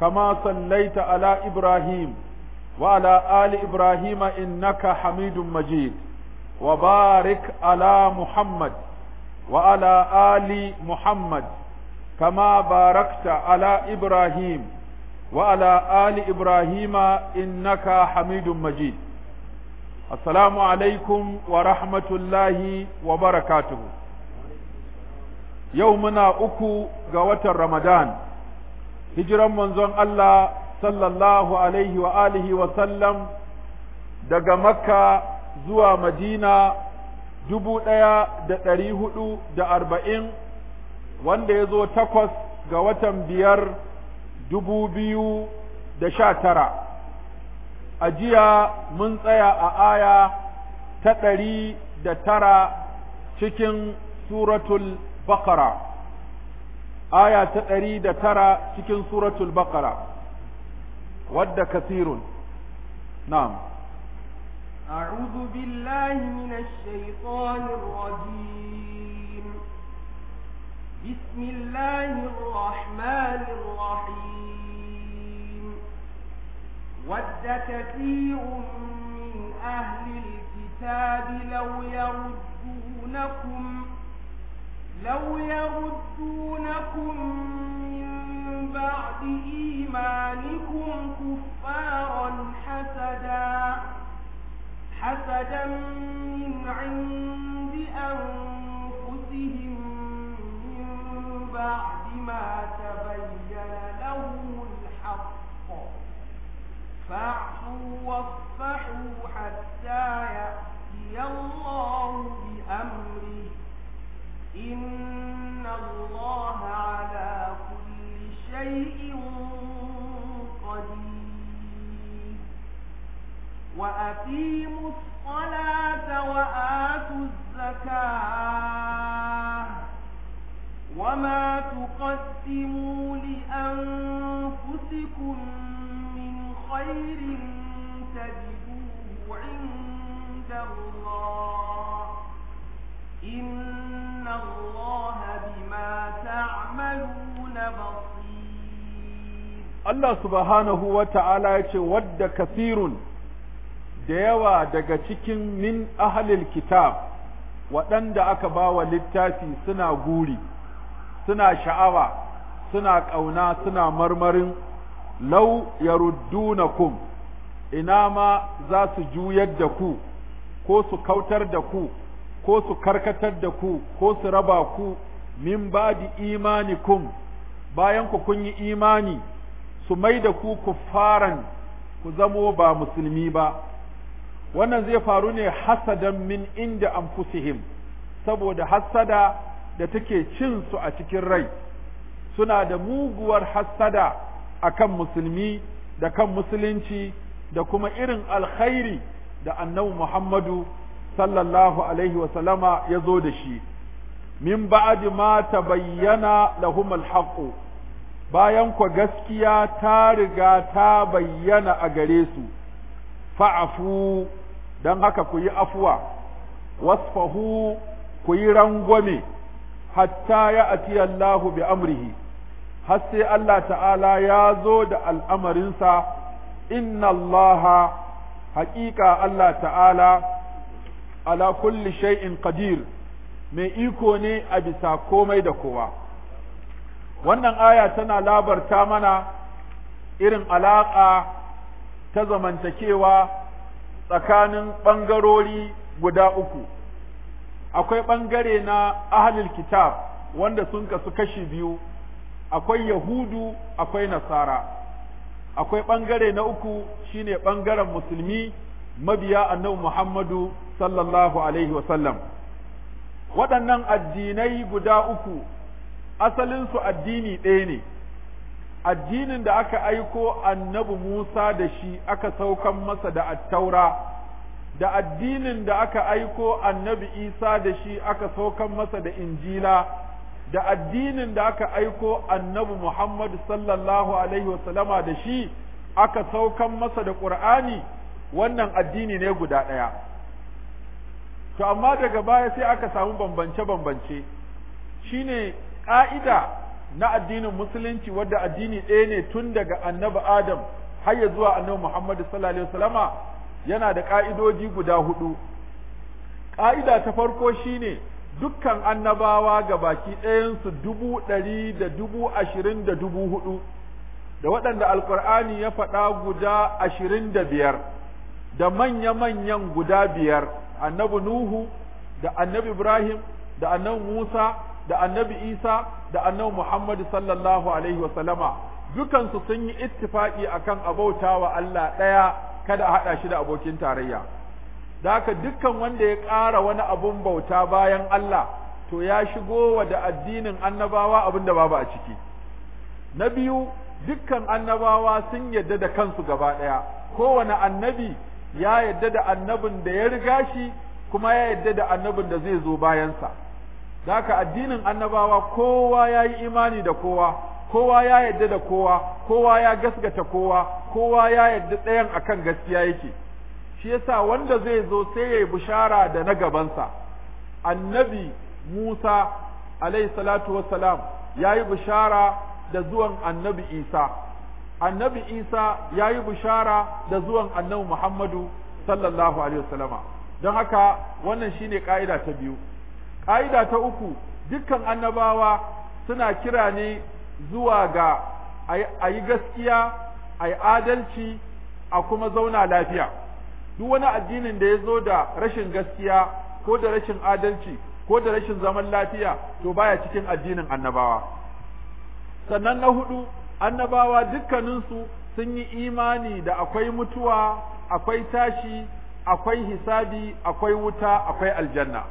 كما صليت على إبراهيم وعلى آل إبراهيم إنك حميد مجيد وبارك على محمد وعلى آل محمد كما باركت على إبراهيم وعلى آل إبراهيم إنك حميد مجيد السلام عليكم ورحمة الله وبركاته يومنا أكو قوة رمضان hijiran manzon Allah sallallahu alaihi wa alihi wa sallam daga makka zuwa madina dubu ɗaya da ɗari hudu da arba'in wanda ya zo takwas ga watan biyar dubu biyu da sha tara a jiya mun tsaya a aya ta ɗari da tara cikin suratul baqara aya ta ɗari da tara cikin suratul baqara wadda kasirun na'am أعوذ بالله من الشيطان الرجيم بسم الله الرحمن الرحيم ود كثير من أهل الكتاب لو يردونكم لو يردونكم من بعد إيمانكم كفارا حسدا حسدا من عند أنفسهم من بعد ما تبين لهم الحق فاعفوا واصفحوا حتى يأتي الله بأمره إن الله على كل شيء قدير وأقيموا الصلاة وآتوا الزكاة وما تقدموا لأنفسكم من خير تجدوه عند الله إن Allah subhanahu wa ta’ala ya ce, Wadda kafirun da yawa daga cikin min ahalil kitab waɗanda aka ba wa littafi suna guri suna sha'awa suna ƙauna suna marmarin lau ya kum ina ma za su juyar da ku ko su kautar da ku ko su karkatar da ku ko su raba ku min badi imanikum bayan ku kun yi imani su mai da ku kuffaran ku zamo ba musulmi ba wannan zai faru ne hasadan min inda anfusihim saboda hasada da take cin su a cikin rai suna da muguwar hasada akan musulmi da kan musulunci da kuma irin alkhairi da annabi Muhammadu sallallahu alaihi wa ya zo da shi min mata ma tabayyana lahum alhaqu bayan ku gaskiya ta riga ta bayyana a gare su fa'afu dan haka ku yi afuwa wasfahu ku yi rangwame hatta ya ati Allahu bi amrihi har sai Allah ta'ala ya zo da al'amarinsa inna haƙiƙa Allah ta'ala ala kulli shay'in qadir mai iko ne a bisa komai da kowa wannan aya tana labarta mana irin alaƙa ta zamantakewa tsakanin ɓangarori guda uku akwai ɓangare na ahalil kitab wanda sun kasu kashi biyu akwai yahudu akwai nasara akwai ɓangare na uku shine ɓangaren musulmi mabiya annabi muhammadu sallallahu alaihi wasallam waɗannan addinai guda uku asalinsu addini ɗaya ne addinin da aka aiko annabi Musa da shi aka saukan masa da attaura da addinin da aka aiko annabi Isa da shi aka saukan masa da injila da addinin da aka aiko annabi Muhammad sallallahu alaihi wasallama da shi aka saukan masa da ƙur'ani wannan addini ne guda ɗaya to amma daga baya sai aka samu bambance-bambance shine ƙa'ida na addinin musulunci wadda addini ɗaya ne tun daga annabi adam har ya zuwa annabi muhammadu sallallahu alaihi wasallama yana da ƙa'idoji guda hudu ƙa'ida ta farko shine dukkan annabawa ga baki ɗayansu dubu ɗari da dubu ashirin da dubu hudu da waɗanda alkur'ani ya faɗa guda ashirin da biyar da manya-manyan guda biyar annabi nuhu da annabi ibrahim da annabi musa da annabi isa da annabi muhammad sallallahu alaihi wa sallama dukansu sun yi ittifaki akan abautawa Allah ɗaya kada a haɗa shi da abokin tarayya da haka dukkan wanda ya ƙara wani abun bauta bayan Allah to ya shigo wa da addinin annabawa abin babu a ciki na biyu dukkan annabawa sun yadda da kansu gaba ɗaya kowane annabi ya yadda da annabin da ya riga shi kuma ya yadda da annabin da zai zo bayansa haka addinin annabawa kowa ya yi imani da kowa kowa ya yadda da kowa kowa ya gasgata kowa kowa ya yadda ɗayan akan gaskiya yake shi yasa wanda zai zo sai ya yi bushara da na gabansa annabi Musa alayhi salatu wassalam ya yi bushara da zuwan annabi Isa annabi isa ya yi bishara da zuwan annabi muhammadu sallallahu alaihi wasallama don haka wannan shine ka'ida ta biyu ka'ida ta uku dukkan annabawa suna kira ne zuwa ga ayi gaskiya a yi adalci a kuma zauna lafiya duk wani addinin da ya zo da rashin gaskiya ko da rashin adalci ko da rashin zaman lafiya to baya cikin addinin annabawa sannan na hudu annabawa dukkaninsu sun yi imani da akwai mutuwa akwai tashi akwai hisabi akwai wuta akwai aljanna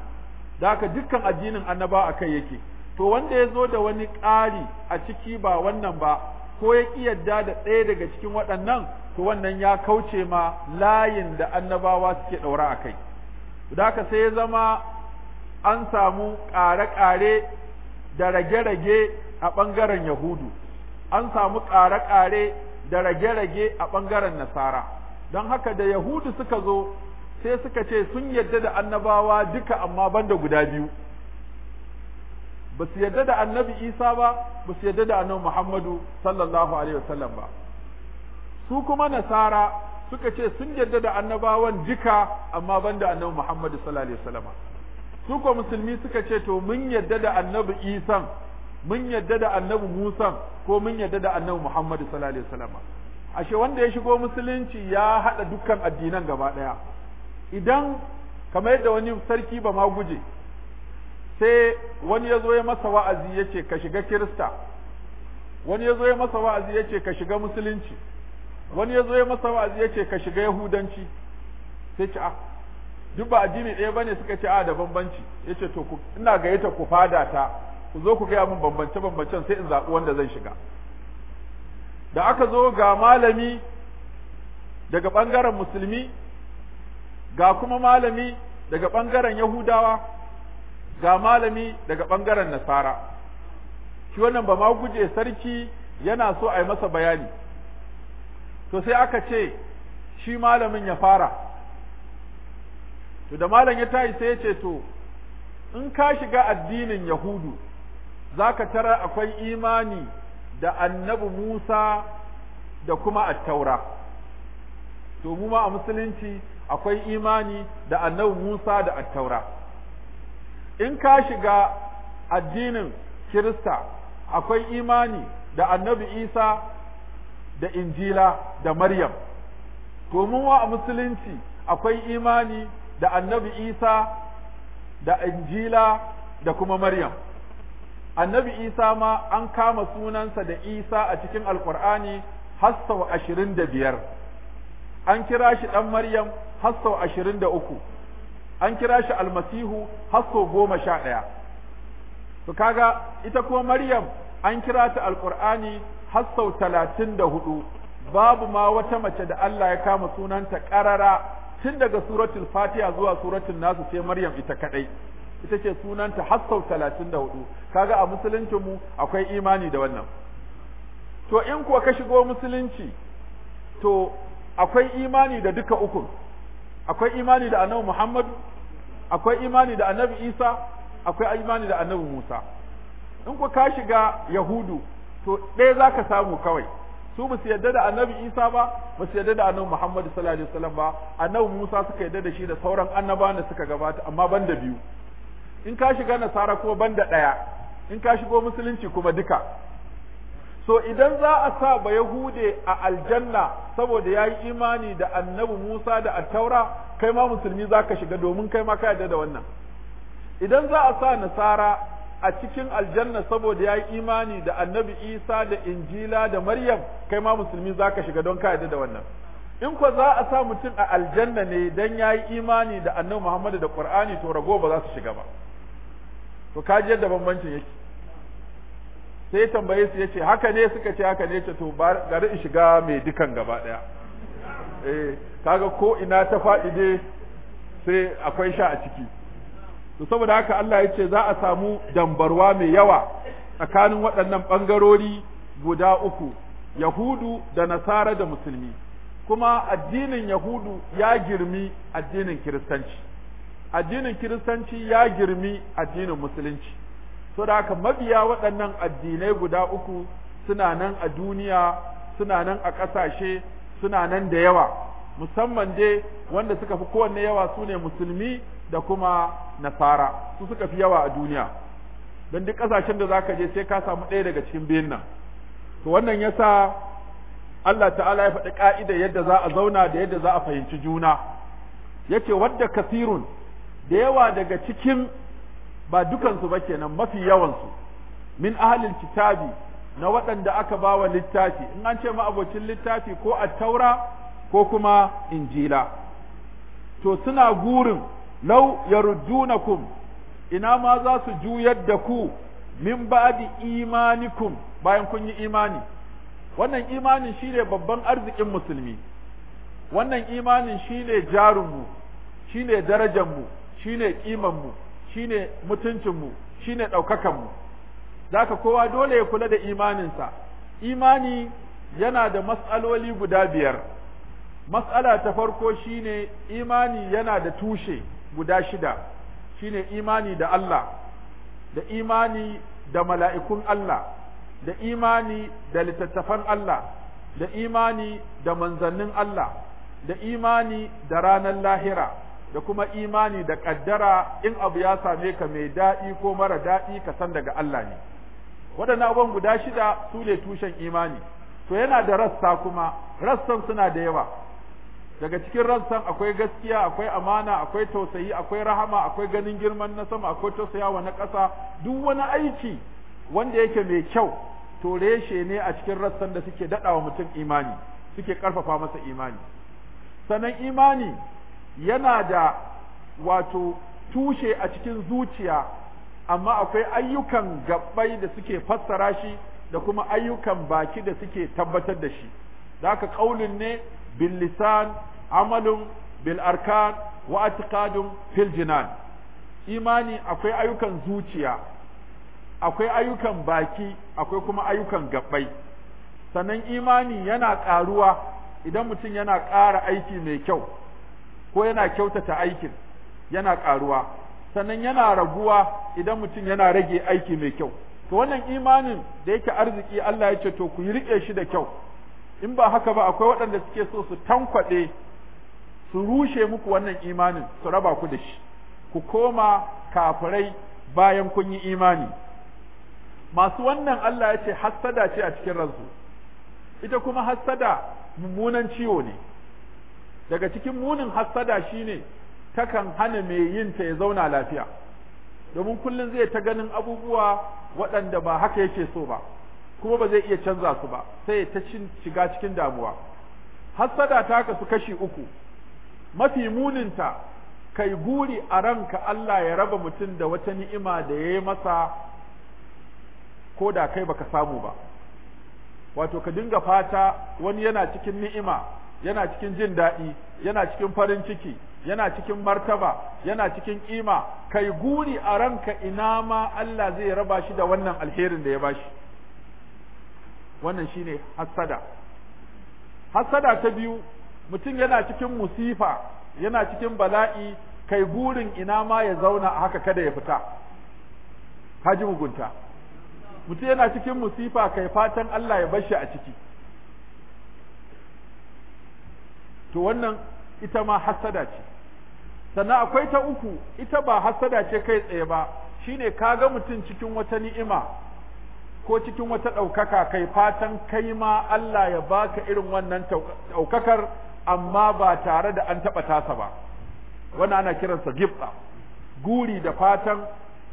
da haka dukkan addinin annaba akai yake to wanda ya zo da wani ƙari a ciki ba wannan ba ko ya ƙi yadda da ɗaya daga cikin waɗannan to wannan ya kauce ma layin da annabawa suke ɗaura a kai da haka sai ya zama an samu ƙare-ƙare da rage-rage a ɓangaren yahudu an samu ƙare-ƙare da rage-rage a ɓangaren nasara don haka da yahudu suka zo sai suka ce sun yadda da annabawa duka amma banda guda biyu ba su yadda da annabi isa ba ba su yadda da annabi muhammadu sallallahu alaihi wasallam ba su kuma nasara suka ce sun yadda da annabawan duka amma banda annabi muhammadu sallallahu alaihi wasallam su kuma musulmi suka ce to mun yadda da annabi isan mun yadda da annabi Musa ko mun yadda da annabi Muhammad sallallahu alaihi wasallam ashe wanda ya shigo musulunci ya hada dukkan addinan gaba daya idan kamar yadda wani sarki ba ma guje sai wani ya zo ya masa wa'azi ya ce ka shiga kirista wani ya zo ya masa wa'azi ya ce ka shiga musulunci wani ya zo ya masa wa'azi ya ce ka shiga yahudanci sai ce a ah, duk ba addini ɗaya bane suka ce a ah, da bambanci ya ce to ina gayyata ku fada ta ku zo ku gaya min bambance bambancen sai in zaɓi wanda zan shiga da aka zo ga malami daga ɓangaren musulmi ga kuma malami daga ɓangaren yahudawa ga malami daga ɓangaren nasara shi wannan ba ma guje sarki yana so a yi masa bayani to sai aka ce shi malamin ya fara to da malam ya tashi sai ya ce to in ka shiga addinin yahudu zaka tara akwai imani da annabi Musa da kuma at-taura to mu ma a musulunci akwai imani da annabi Musa da at-taura in ka shiga addinin Kirista akwai imani da annabi Isa da Injila da Maryam to mu ma a musulunci akwai imani da annabi Isa da Injila da kuma Maryam annabi isa ma an kama sunansa da isa a cikin alkur'ani hassau ashirin da biyar an kira shi ɗan maryam hassau ashirin da uku an kira shi almasihu hassau goma sha ɗaya to kaga ita kuma maryam an kira ta alkur'ani hasau talatin da hudu babu ma wata mace da Allah ya kama sunanta ƙarara tun daga suratul fatiha zuwa suratul nasu sai maryam ita kaɗai ita ce sunanta hassau talatin da hudu kaga a musulunci mu akwai imani da wannan to in kuwa ka shigo musulunci to akwai imani da duka uku akwai imani da annabi muhammadu akwai imani da annabi isa akwai imani da annabi musa in kuwa ka shiga yahudu to ɗaya za ka samu kawai su ba su yadda da annabi isa ba ba su yadda da annabi muhammadu sallallahu alaihi wasallam ba annabi musa suka yadda da shi da sauran annabawan da suka gabata amma ban da biyu in ka shiga nasara ko banda ɗaya in ka shigo musulunci kuma duka so idan za a sa ba yahude a aljanna saboda ya yi imani da annabi musa da attaura kai ma musulmi za ka shiga domin kai ma ka yarda da wannan idan za a sa nasara a cikin aljanna saboda ya yi imani da annabi isa da injila da maryam kai ma musulmi za ka shiga don ka yarda da wannan in ko za a sa mutum a aljanna ne dan ya yi imani da annabi muhammadu da qur'ani to rago ba za su shiga ba to kaji yadda bambancin yake sai tambaye su yace haka ne suka ce haka ne ce to gari in shiga mai dukan gaba daya eh kaga ko ina ta faɗi dai sai akwai sha a ciki to saboda haka Allah ya ce za a samu dambarwa mai yawa tsakanin waɗannan ɓangarori guda uku yahudu da nasara da musulmi kuma addinin yahudu ya girmi addinin kiristanci addinin kiristanci ya girmi addinin musulunci so da haka mabiya waɗannan addinai guda uku suna nan a duniya suna nan a ƙasashe suna nan da yawa musamman dai wanda suka fi kowanne yawa su ne musulmi da kuma nasara su suka fi yawa a duniya don duk ƙasashen da za ka je sai ka samu ɗaya daga cikin biyun nan to wannan ya sa Allah ta'ala ya faɗi ƙa'ida yadda za a zauna da yadda za a fahimci juna yake wadda kasirun da yawa daga cikin ba dukansu ba kenan mafi yawansu min ahalin kitabi na waɗanda aka ba wa littafi in an ce ma'abocin littafi ko a taura ko kuma injila to suna gurin lau yaruddunakum ina ma za su juyar da ku min ba'di imanikum bayan kun yi imani wannan imanin shine babban arzikin musulmi wannan imanin shine jarunmu shine darajar mu Shi ne kiman shi ne mutuncinmu, shi ne ɗaukakanmu. Za ka kowa dole ya kula da imaninsa imani yana da matsaloli guda biyar matsala ta farko shi ne imani yana da tushe guda shida Shi ne imani da Allah da imani da mala'ikun Allah da imani da littattafan Allah da imani da manzannin Allah da imani da ranar lahira da kuma imani da ƙaddara in abu ya same ka mai daɗi ko mara daɗi ka san daga Allah ne waɗannan abubuwan guda shida su ne tushen imani to yana da rassa kuma rassan suna da yawa daga cikin rassan akwai gaskiya akwai amana akwai tausayi akwai rahama akwai ganin girman na sama akwai tausayawa na ƙasa duk wani aiki wanda yake mai kyau to reshe ne a cikin rassan da suke daɗawa mutum imani suke ƙarfafa masa imani sannan imani yana da wato tushe a cikin zuciya amma akwai ayyukan gabbai da suke fassara shi da kuma ayyukan baki da suke tabbatar da shi da haka ƙaunin ne bil lisan bil'arkan, bil arkan wa atiqadun fil jinan imani akwai ayyukan zuciya akwai ayyukan baki akwai kuma ayyukan gabbai sannan imani yana ƙaruwa idan mutum yana ƙara aiki mai kyau ko yana kyautata aikin yana ƙaruwa sannan yana raguwa idan mutum yana rage aiki mai kyau to wannan imanin da yake arziki Allah ya ce to ku riƙe shi da kyau in ba haka ba akwai waɗanda suke so su tankwaɗe su rushe muku wannan imanin su raba ku da shi ku koma kafirai bayan kun yi imani masu wannan Allah ya ce hassada ce a cikin ransu ita kuma hassada mummunan ciwo ne daga cikin munin hassada shine takan hana mai yin ta ya zauna lafiya domin kullun zai ta ganin abubuwa waɗanda ba haka yake so ba kuma ba zai iya canza su ba sai ta shiga cikin damuwa hassada ta kasu kashi uku mafi munin ta kai guri a ranka Allah ya raba mutum da wata ni'ima da yayi masa ko da kai baka samu ba wato ka dinga fata wani yana cikin ni'ima yana cikin jin daɗi yana cikin farin ciki yana cikin martaba yana cikin ƙima. kai guri a ranka ina ma Allah zai raba shi da wannan alherin da ya bashi wannan shine hasada hasada ta biyu mutum yana cikin musifa yana cikin bala'i kai gurin ina ma ya zauna a haka kada ya fita haji mugunta mutum yana cikin musifa kai fatan Allah ya bashi a ciki to wannan ita ma hasada ce sannan akwai ta uku ita ba hasada ce kai tsaye ba shine ga mutum cikin wata ni'ima ko cikin wata ɗaukaka kai fatan kai ma Allah ya baka irin wannan ɗaukakar amma ba tare da an taɓa tasa ba wannan ana kiransa gifta guri da fatan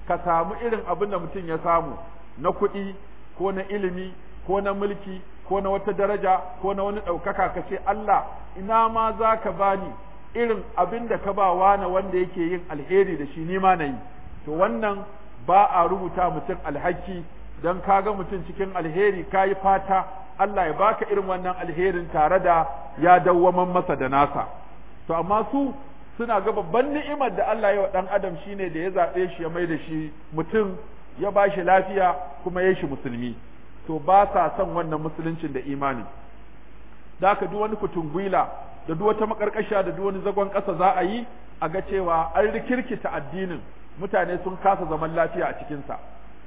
ka samu irin abin da mutum ya samu na kuɗi ko na ilimi ko na mulki ko na wata daraja ko na wani ɗaukaka ka ce Allah ina ma za ka bani irin abin da ka ba wa na wanda yake yin alheri da shi ni ma na yi to wannan ba a rubuta mutum alhaki don ka ga mutum cikin alheri ka yi fata Allah ya baka irin wannan alherin tare da ya dawwaman masa da nasa to amma su suna ga babban ni'imar da Allah ya wa dan adam shine da ya zaɓe shi ya mai da shi mutum ya ba shi lafiya kuma ya shi musulmi to ba sa son wannan musuluncin da imani da ka duk wani kutungwila da duk wata makarkashiya da duk wani zagon ƙasa za a yi a ga cewa an rikirkita addinin mutane sun kasa zaman lafiya a cikinsa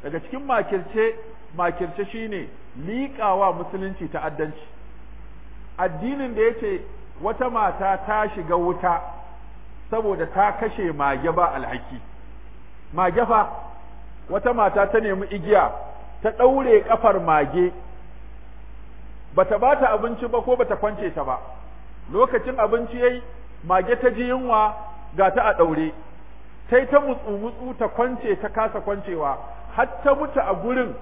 daga cikin makirce makirce shine liƙawa musulunci ta'addanci addinin da yace wata mata ta shiga wuta saboda ta kashe mage ba alhaki mage fa wata mata ta nemi igiya ta ɗaure ƙafar mage bata bata abinci ba ko bata kwance ta ba lokacin abinci yayi mage ta ji yunwa ga ta a ɗaure ta ta mutsu mutsu ta kwance ta kasa kwancewa har ta mutu a gurin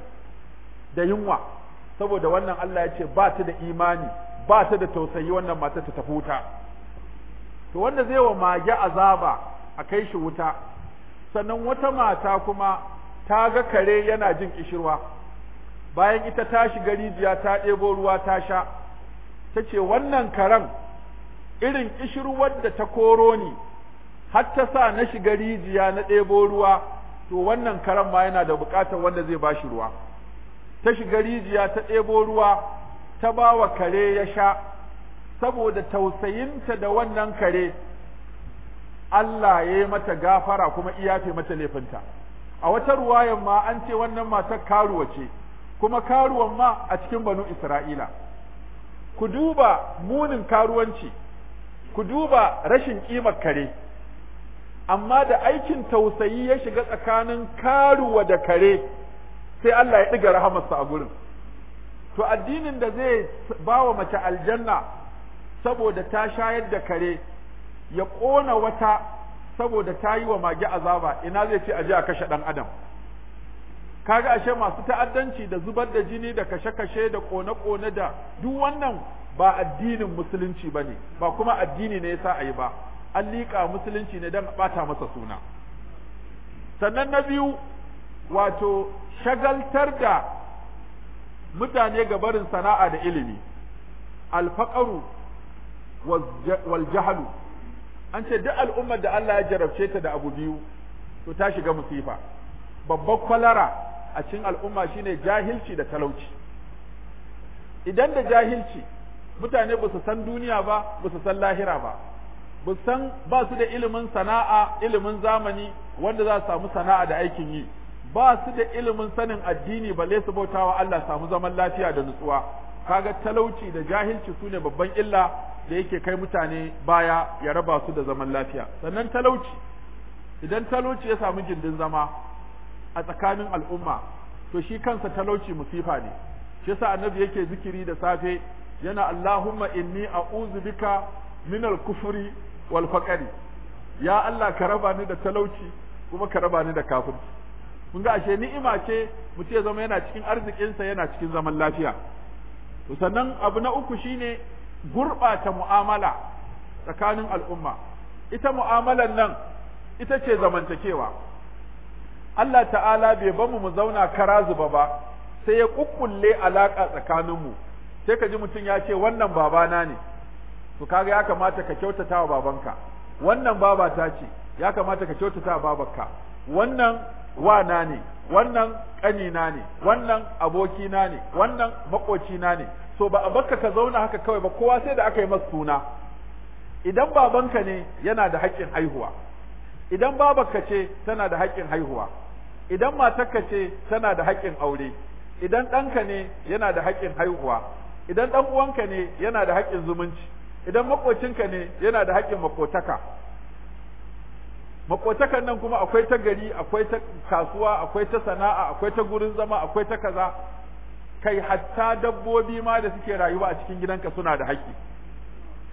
da yunwa saboda wannan Allah ya ce ba ta da imani ba ta da tausayi wannan mata ta tafi wuta to wanda zai wa mage azaba a kai shi wuta sannan wata mata kuma ta ga kare yana jin kishirwa bayan ita ta shiga rijiya ta ɗebo ruwa ta sha ta ce wannan karen irin kishirwar da ta koro ni har ta sa na shiga rijiya na ɗebo ruwa to wannan karen ma yana da buƙatar wanda zai ba shi ruwa ta shiga rijiya ta ɗebo ruwa ta ba wa kare ya sha saboda tausayinta da wannan kare Allah ya yi mata gafara kuma iyafe mata laifinta. a wata ruwayan ma an ce wannan matar karuwa ce kuma karuwan ma a cikin banu isra'ila ku duba munin karuwanci ku duba rashin kimar kare amma da aikin tausayi ya shiga tsakanin karuwa da kare sai Allah ya ɗiga rahamarsa a gurin to addinin da zai ba wa mace aljanna saboda ta shayar da kare ya ƙona wata saboda ta yi wa mage azaba ina zai ce a a kashe ɗan adam kaga ashe masu ta'addanci da zubar da jini da kashe-kashe da kone-kone da duk wannan ba addinin musulunci ba ne ba kuma addini ne yasa ayi ba an liƙa musulunci ne don ɓata masa suna sannan na biyu wato shagaltar da mutane ga barin sana'a da ilimi alfaƙaru wal jahalu an ce duk al'ummar da Allah ya jarabce ta da abu biyu to ta shiga musifa babbar kwalara a cikin al'umma shine jahilci da talauci idan da jahilci mutane ba su san duniya ba ba su san lahira ba ba san ba su da ilimin sana'a ilimin zamani wanda za su samu sana'a da aikin yi ba su da ilimin sanin addini balle su bautawa Allah samu zaman lafiya da nutsuwa kaga talauci da jahilci su ne babban illa da yake kai mutane baya ya raba su da zaman lafiya sannan talauci idan talauci ya samu gindin zama a tsakanin al'umma to shi kansa talauci musifa ne shi yasa annabi yake zikiri da safe yana Allahumma inni a'udhu bika min al-kufri wal faqri ya Allah ka raba ni da talauci kuma ka raba ni da kafirci mun ga ashe ni'ima ce mutum ya zama yana cikin arzikinsa yana cikin zaman lafiya to sannan abu na uku shine gurɓata mu'amala tsakanin al'umma ita mu'amalan nan ita ce zamantakewa Allah ta'ala bai bamu mu zauna kara zuba ba sai ya kukkulle alaka tsakaninmu sai ka ji mutum ya ce wannan babana ne to kaga ya kamata ka kyautata wa babanka wannan baba ta ce ya kamata ka kyautata wa babarka wannan wana ne wannan ƙanina ne wannan abokina ne wannan na ne so ba a baka ka zauna haka kawai ba kowa sai da aka yi masa suna idan babanka ne yana da haƙƙin haihuwa idan babanka ce tana da haƙƙin haihuwa idan matarka ce tana da haƙƙin aure idan ɗanka ne yana da haƙƙin haihuwa idan ɗan uwanka ne yana da haƙƙin zumunci idan maƙocinka ne yana da haƙƙin makotaka makotakan nan kuma akwai ta gari akwai ta kasuwa akwai ta sana'a akwai ta gurin zama akwai ta kaza kai hatta dabbobi ma da suke rayuwa a cikin gidanka suna da haƙƙi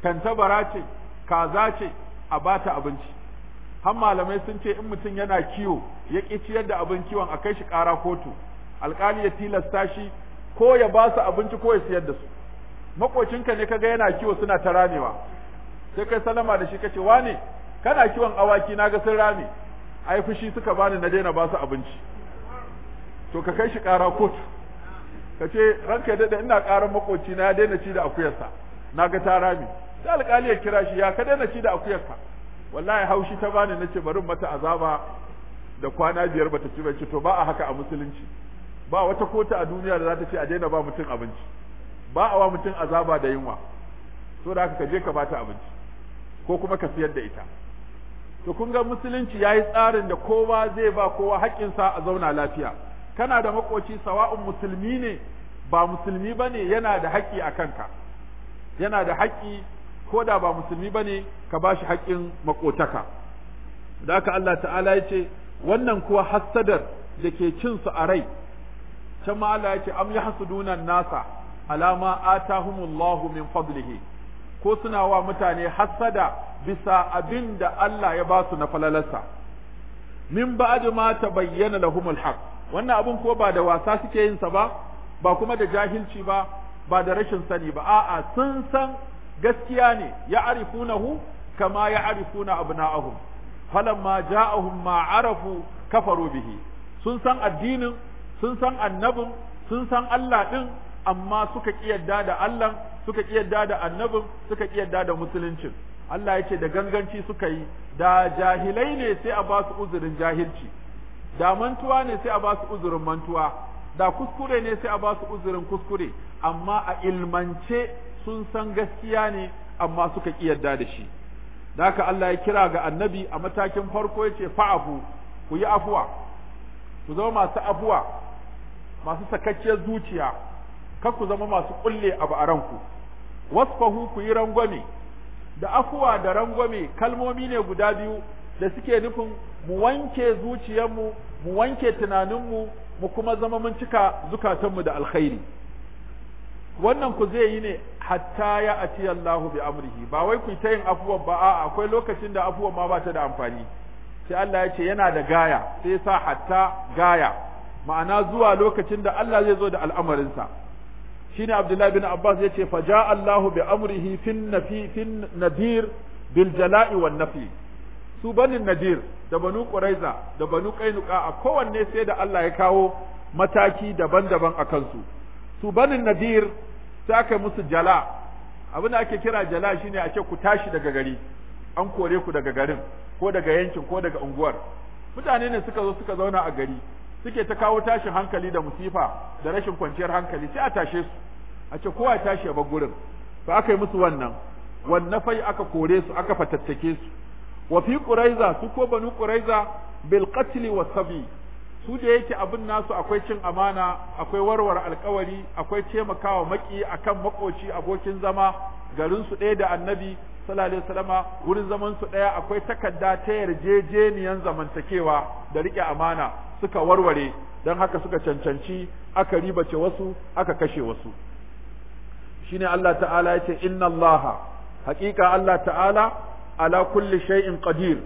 tantabara ce kaza ce a bata abinci har malamai sun ce in mutum yana kiwo ya ƙi ciyar da abin kiwon a kai shi ƙara kotu alƙali ya tilasta shi ko ya ba su abinci ko ya siyar da su makocinka ne kaga yana kiwo suna ta ramewa sai kai salama da shi kace wane kana kiwon awaki ga sun rame ai fushi suka bani na daina ba su abinci to ka kai shi kara kotu ka ce ranka daɗe ina ƙarar makoci na ya daina ci da akuyarsa na ga ta rame sai alƙali ya kira shi ya ka daina ci da akuyar ka wallahi haushi ta bani na ce bari mata azaba da kwana biyar bata ci ba to ba a haka a musulunci ba wata kota a duniya da za ta ce a daina ba mutum abinci ba a wa mutum azaba da yunwa so da haka ka je ka bata abinci ko kuma ka siyar da ita to kun ga musulunci yayi tsarin da kowa zai ba kowa haƙƙinsa a zauna lafiya kana da makoci sawa'un musulmi ne ba musulmi bane yana da haƙƙi a kanka yana da haƙƙi ko da ba musulmi bane ka ba shi haƙƙin makotaka da haka Allah ta'ala ya ce wannan kuwa hassadar da ke cin su a rai can ma Allah ya ce am yahsuduna nasa alama atahumullahu min fadlihi ko suna wa mutane hassada bisa abin da Allah ya ba su na falalarsa min ba'd ma tabayyana lahumul haqq wannan abun ko ba da wasa suke yin sa ba ba kuma da jahilci ba ba da rashin sani ba a'a sun san gaskiya ne ya'rifunahu kama ya'rifuna abna'ahum falamma ja'ahum ma arafu kafaru bihi sun san addinin sun san annabin sun san Allah din amma suka kiyarda da Allah suka kiyarda da annabin suka kiyarda da musuluncin Allah ya ce da ganganci suka yi da jahilai ne sai a ba su uzurin jahilci da mantuwa ne sai a ba su uzurin mantuwa da kuskure ne sai a ba su uzurin kuskure amma a ilmance sun san gaskiya ne amma suka ƙi yarda da shi da haka Allah ya kira ga annabi a matakin farko yace ce fa'afu ku yi afuwa ku zama masu afuwa masu sakacciyar zuciya kar ku zama masu kulle abu a ranku wasfahu ku yi rangwame da afuwa da rangwame kalmomi ne guda biyu da suke nufin mu wanke zuciyarmu mu wanke tunaninmu mu kuma zama mun cika zukatanmu da alkhairi wannan ku zai yi ne hatta ya ati Allahu bi amrihi ba wai ku ta yin afuwa ba a akwai lokacin da afuwa ma ba ta da amfani sai Allah ya ce yana da gaya sai sa hatta gaya ma'ana zuwa lokacin da Allah zai zo da al'amarinsa shine Abdullahi bin Abbas yace fa jaa Allahu bi amrihi fin nafi fin nadir bil jala'i wan nafi su banin nadir da banu quraiza da banu kainuka a kowanne sai da Allah ya kawo mataki daban-daban a kansu su banin nadir sai aka musu jala abin da ake kira jala shine a ce ku tashi daga gari an kore ku daga garin ko daga yankin ko daga unguwar mutane ne suka zo suka zauna a gari suke ta kawo tashin hankali da musifa da rashin kwanciyar hankali sai a tashe su a ce kowa ya tashi a bar gurin to aka yi musu wannan wanna fai aka kore su aka fatattake su wa fi quraiza su ko banu quraiza bil qatl wa sabi su da yake abin nasu akwai cin amana akwai warwar alkawari akwai taimakawa maki akan makoci abokin zama garin su ɗaya da annabi sallallahu alaihi wasallama wurin zaman su ɗaya akwai takarda ta yarjejeniyan zamantakewa da rike amana suka warware dan haka suka cancanci aka ribace wasu aka kashe wasu shine Allah ta'ala yace inna Allah haƙiƙa Allah ta'ala ala kulli shay'in qadir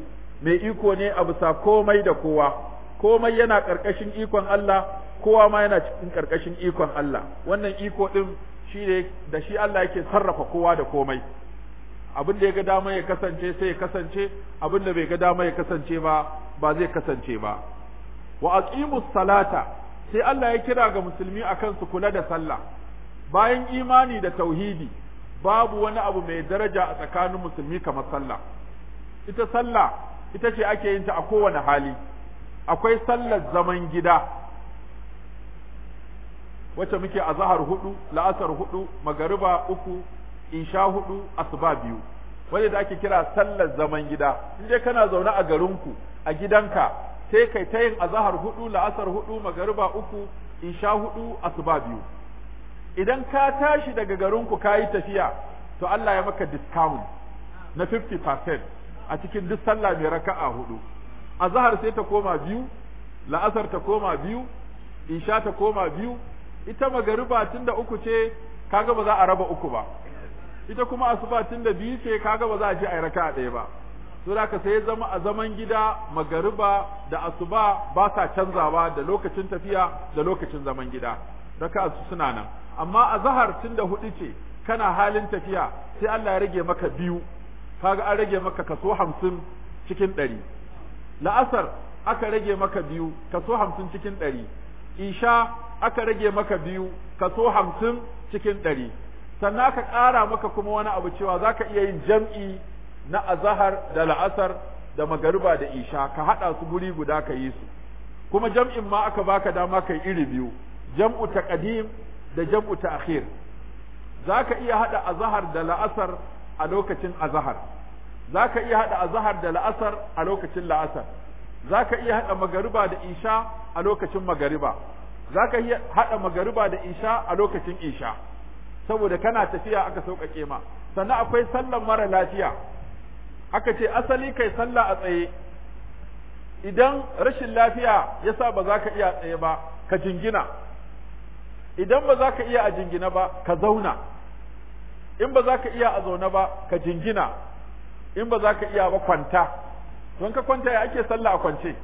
mai iko ne a bisa komai da kowa komai yana ƙarƙashin ikon Allah kowa ma yana cikin ƙarƙashin ikon Allah wannan iko ɗin shi ne da shi Allah yake sarrafa kowa da komai abin da ya ga dama ya kasance sai ya kasance abin da bai ga dama ya kasance ba ba zai kasance ba wa aqimus salata sai Allah ya kira ga musulmi akan su kula da sallah bayan imani da tauhidi babu wani abu mai daraja a tsakanin musulmi kamar sallah ita sallah ita ce ake yin ta a kowane hali akwai sallar zaman gida wacce muke a zahar hudu la'asar hudu magariba uku insha hudu asuba biyu wanda da ake kira sallar zaman gida in dai kana zaune a garinku a gidanka sai kai ta yin azahar hudu la'asar hudu magariba uku insha hudu asuba biyu idan ka tashi daga garinku ka yi tafiya to Allah ya maka discount na 50% a cikin duk sallah mai raka'a hudu azhar sai ta koma biyu la'asar ta koma biyu isha ta koma biyu ita magariba tunda uku ce kaga ba za a raba uku ba ita kuma asuba tunda biyu ce kaga ba za a ji a raka ɗaya ba to da ka sai zama a zaman gida magariba da asuba ba sa canzawa da lokacin tafiya da lokacin zaman gida raka su suna nan amma azhar tunda hudu ce kana halin tafiya sai Allah ya rage maka biyu kaga an rage maka kaso hamsin cikin ɗari la'asar aka rage maka biyu kaso hamsin cikin ɗari isha aka rage maka biyu kaso hamsin cikin ɗari sannan aka ƙara maka kuma wani abu cewa za ka iya yin jam'i na azahar da la'asar da magariba da isha ka haɗa su guri guda ka yi su kuma jam'in ma aka baka dama kai iri biyu jam'u ta kadim da jam'u ta Za ka iya haɗa azahar da la'asar a lokacin azahar. zaka iya haɗa azahar da la'asar a lokacin la'asar zaka iya haɗa magariba da isha a lokacin magariba zaka ka iya haɗa magariba da isha a lokacin isha saboda kana tafiya aka sauƙaƙe ma sannan akwai sallar mara lafiya aka ce asali kai sallah a tsaye idan rashin lafiya yasa sa ba za ka iya tsaye ba ka jingina idan ba za ka iya a jingina ba ka zauna in ba za ka iya a zauna ba ka jingina in ba za ka iya ba kwanta don ka kwanta ya ake sallah a kwance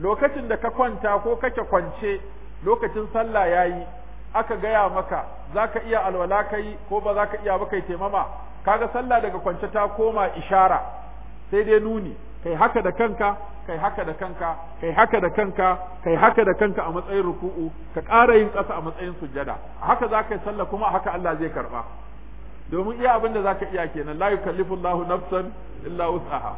lokacin da ka kwanta ko kake kwance lokacin sallah ya yi aka gaya maka za ka iya alwala ka yi, ko ba za ka iya ba kai taimama Ka ga sallah daga kwance ta koma ishara sai dai nuni kai haka da kanka kai haka da kanka kai haka da kanka kai haka da kanka a matsayin ruku'u ka ƙara yin ƙasa a matsayin sujjada haka za ka yi sallah kuma haka Allah zai karɓa domin iya abin da zaka iya kenan la yukallifu Allahu nafsan illa wus'aha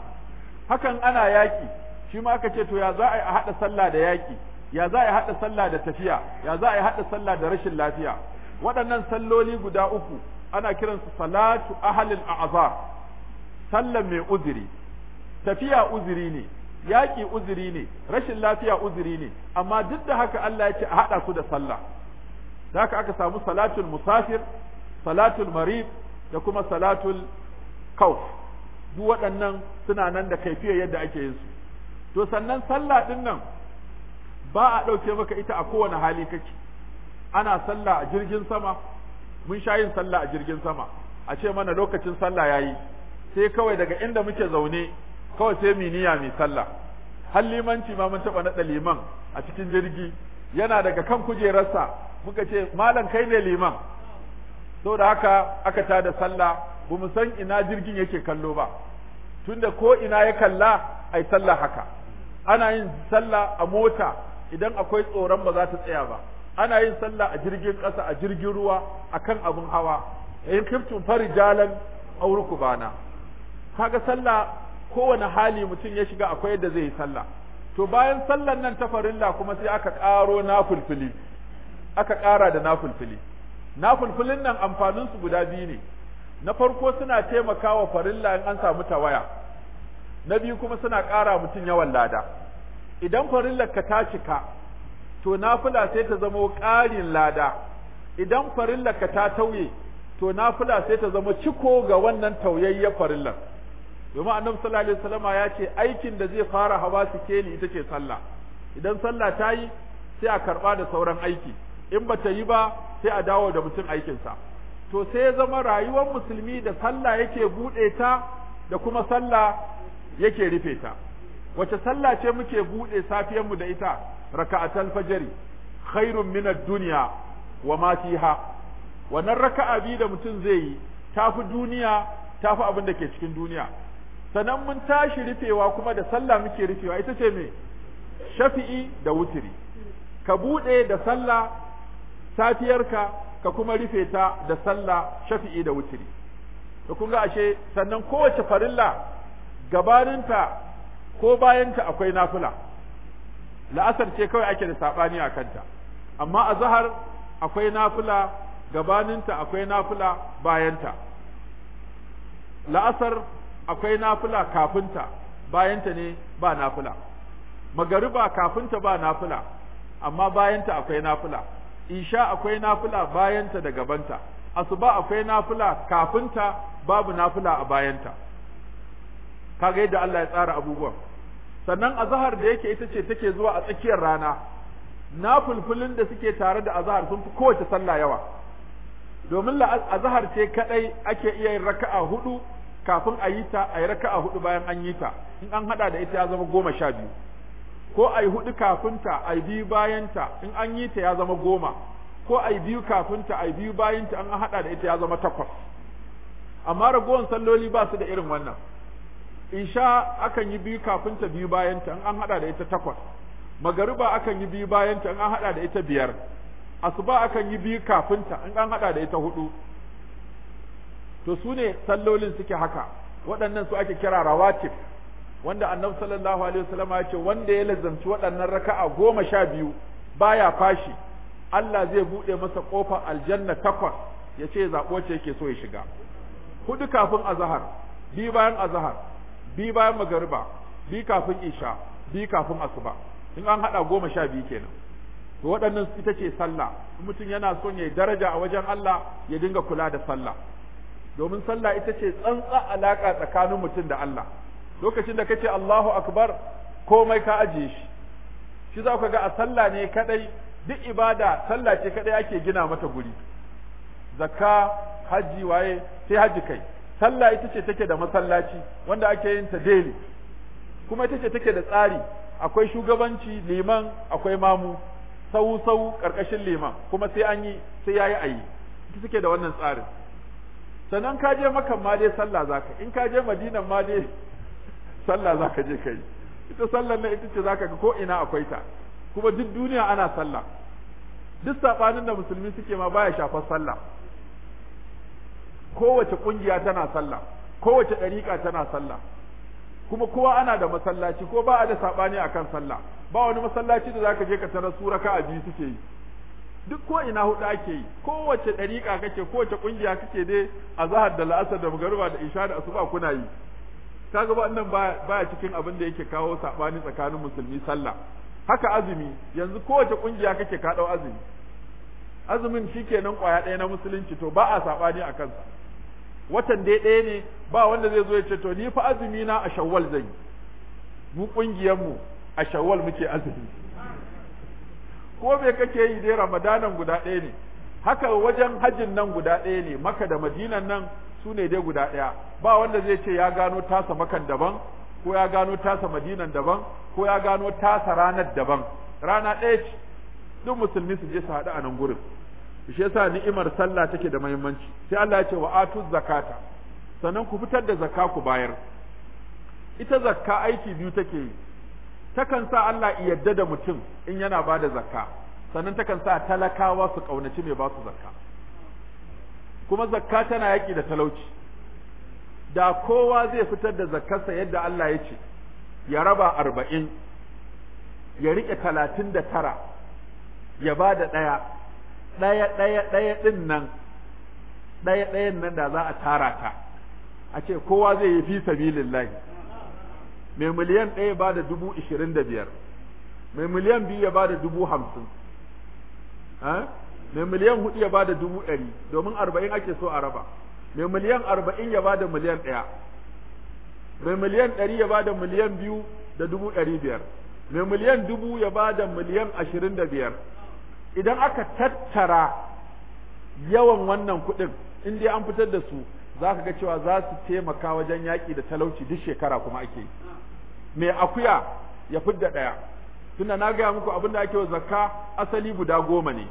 hakan ana yaki shi ma aka ce to ya za a hada sallah da yaki ya za a hada sallah da tafiya ya za a yi hada sallah da rashin lafiya waɗannan salloli guda uku ana kiransu salatu ahlil a'zar sallan mai uzuri tafiya uzuri ne yaƙi uzuri ne rashin lafiya uzuri ne amma duk da haka Allah ya ce a haɗa su da sallah da haka aka samu salatul musafir salatul marib da kuma salatul kauf duk waɗannan suna nan da kaifiyar yadda ake yin su to sannan sallah din nan ba a ɗauke maka ita a kowane hali kake ana sallah a jirgin sama mun sha yin sallah a jirgin sama a ce mana lokacin sallah yayi sai kawai daga inda muke zaune kawai sai mu niyya mai sallah har limanci ma mun taɓa naɗa liman a cikin jirgi yana daga kan kujerarsa muka ce malam kai ne liman da haka aka ta da sallah ba mu san ina jirgin yake kallo ba tunda ko ina ya kalla ai sallah haka ana yin sallah a mota idan akwai tsoron ba za ta tsaya ba ana yin sallah a jirgin ƙasa a jirgin ruwa akan abin hawa in kiftun farijalan auruku bana kaga sallah kowane hali mutum ya shiga akwai yadda zai yi sallah to bayan sallan nan ta farilla kuma sai aka ƙaro na aka ƙara da na fulfili na fulfulin nan amfanin su guda biyu ne na farko suna taimakawa farilla in an samu tawaya na biyu kuma suna ƙara mutum yawan lada idan farillar ka ta cika to nafila sai ta zama ƙarin lada idan farillar ka ta tauye to nafila sai ta zama ciko ga wannan tauyayyen farillar domin annabi sallallahu alaihi wasallama ya ce aikin da zai fara hawa ni ita ce sallah idan sallah ta yi sai a karba da sauran aiki in ba ta yi ba sai a dawo da mutum aikinsa to sai ya zama rayuwar musulmi da sallah yake buɗe ta da kuma sallah yake rufe ta wace sallah ce muke buɗe safiyarmu da ita raka'atul fajri khairun min ad-dunya wa ma fiha wannan raka'a bi da mutum zai yi tafi duniya tafi abin da ke cikin duniya sannan mun tashi rufewa kuma da sallah muke rufewa ita ce me shafi'i da wutiri ka buɗe da sallah safiyarka ka kuma rufe ta da sallah shafi'i da wutiri to kun ga ashe sannan kowace farilla gabaninta ko bayanta akwai nafila la'asar ce kawai ake da sabani a kanta amma a zahar akwai nafila gabaninta akwai nafila bayanta la'asar akwai nafila kafinta bayanta ne ba nafila magariba kafinta ba nafila amma bayanta akwai nafila isha akwai nafila bayanta da gabanta asuba akwai nafila kafinta babu nafila a bayanta kaga yadda Allah ya tsara abubuwan sannan azhar da yake ita ce take zuwa a tsakiyar rana nafulfulin da suke tare da azhar sun fi kowace sallah yawa domin la azhar ce kadai ake iya yin raka'a hudu kafin a yi ta a yi raka'a hudu bayan an yi ta in an hada da ita ya zama goma sha biyu ko ai hudu kafinta ai biyu bayanta in an yi ta ya zama goma ko ai biyu kafinta ai biyu bayanta an haɗa da ita ya zama takwas amma ragowar salloli ba su da irin wannan isha akan yi biyu kafinta biyu bayanta in an haɗa da ita takwas magariba akan yi biyu bayanta in an haɗa da ita biyar asuba akan yi biyu kafinta in an haɗa da ita hudu to su ne sallolin suke haka waɗannan su ake kira rawatib wanda annabi sallallahu alaihi wasallam ya ce wanda ya lazanci waɗannan raka'a goma sha biyu baya fashi Allah zai buɗe masa ƙofar aljanna takwas ya ce zaɓo yake so ya shiga hudu kafin azahar bi bayan azahar bi bayan magariba bi kafin isha bi kafin asuba in an haɗa goma sha biyu kenan to waɗannan ita ce sallah mutum yana son ya yi daraja a wajen Allah ya dinga kula da sallah domin sallah ita ce tsantsa alaƙa tsakanin mutum da Allah lokacin da kace Allahu akbar komai ka ajiye shi shi za ku ga a sallah ne kadai duk ibada sallah ce kadai ake gina mata guri zakka haji waye sai haji kai sallah ita ce take da masallaci wanda ake yin ta daily kuma ita ce take da tsari akwai shugabanci liman akwai mamu sau sau karkashin liman kuma sai an yi sai yayi ayi ita take da wannan tsarin sannan ka je makan ma dai sallah zaka in ka je madinan ma dai sallah za ka je ka yi ita sallar na ita ce za ka ga ko ina akwai ta kuma duk duniya ana sallah duk saɓanin da musulmi suke ma baya shafar sallah kowace ƙungiya tana sallah kowace ɗariƙa tana sallah kuma kowa ana da masallaci ko ba a da saɓani akan sallah ba wani masallaci da zaka je ka tarar su a biyu suke yi duk ko ina hudu ake yi kowace ɗariƙa kake kowace ƙungiya kake dai a zahar da la'asar da magariba da isha da asuba kuna yi kaga wannan baya cikin abin da yake kawo sabani tsakanin musulmi sallah haka azumi yanzu kowace kungiya kake ka dau azumi azumin shi shikenan kwaya ɗaya na musulunci to ba a sabani a kansa watan dai ɗaya ne ba wanda zai zo ya ce to ni fa azumi na a shawwal zan yi mu kungiyar mu a shawwal muke azumi ko me kake yi dai ramadanan guda ɗaya ne haka wajen hajjin nan guda ɗaya ne maka da madinan nan su ne dai guda ɗaya ba wanda zai ce ya gano tasa makan daban ko ya gano tasa madinan daban ko ya gano tasa ranar daban rana ɗaya ce duk musulmi su je su haɗu a nan gurin shi yasa ni'imar sallah take da muhimmanci sai Allah ya ce wa atuz zakata sannan ku fitar da zakka ku bayar ita zakka aiki biyu take yi takan sa Allah ya yarda da mutum in yana ba da zakka sannan takan sa talakawa su kaunaci mai ba su zakka kuma zakka tana yaki da talauci da kowa zai fitar da zakkarsa yadda Allah ya ce ya raba arba'in ya riƙe talatin da tara ya ba da ɗaya ɗaya ɗaya ɗaya nan ɗaya ɗayan nan da za a tara ta a ce kowa zai yi fi sabilillahi mai miliyan ɗaya ba da dubu ishirin da biyar mai miliyan biyu ya ba da dubu hamsin mai miliyan hudu ya bada dubu ɗari domin arba'in ake so a raba mai miliyan arba'in ya bada miliyan ɗaya mai miliyan ɗari ya bada miliyan biyu da dubu ɗari biyar mai miliyan dubu ya bada miliyan ashirin da biyar idan aka tattara yawan wannan kuɗin in dai an fitar da su za ka ga cewa za su taimaka wajen yaƙi da talauci duk shekara kuma ake yi mai akuya ya fidda ɗaya tunda na gaya muku abin da ake wa zakka asali guda goma ne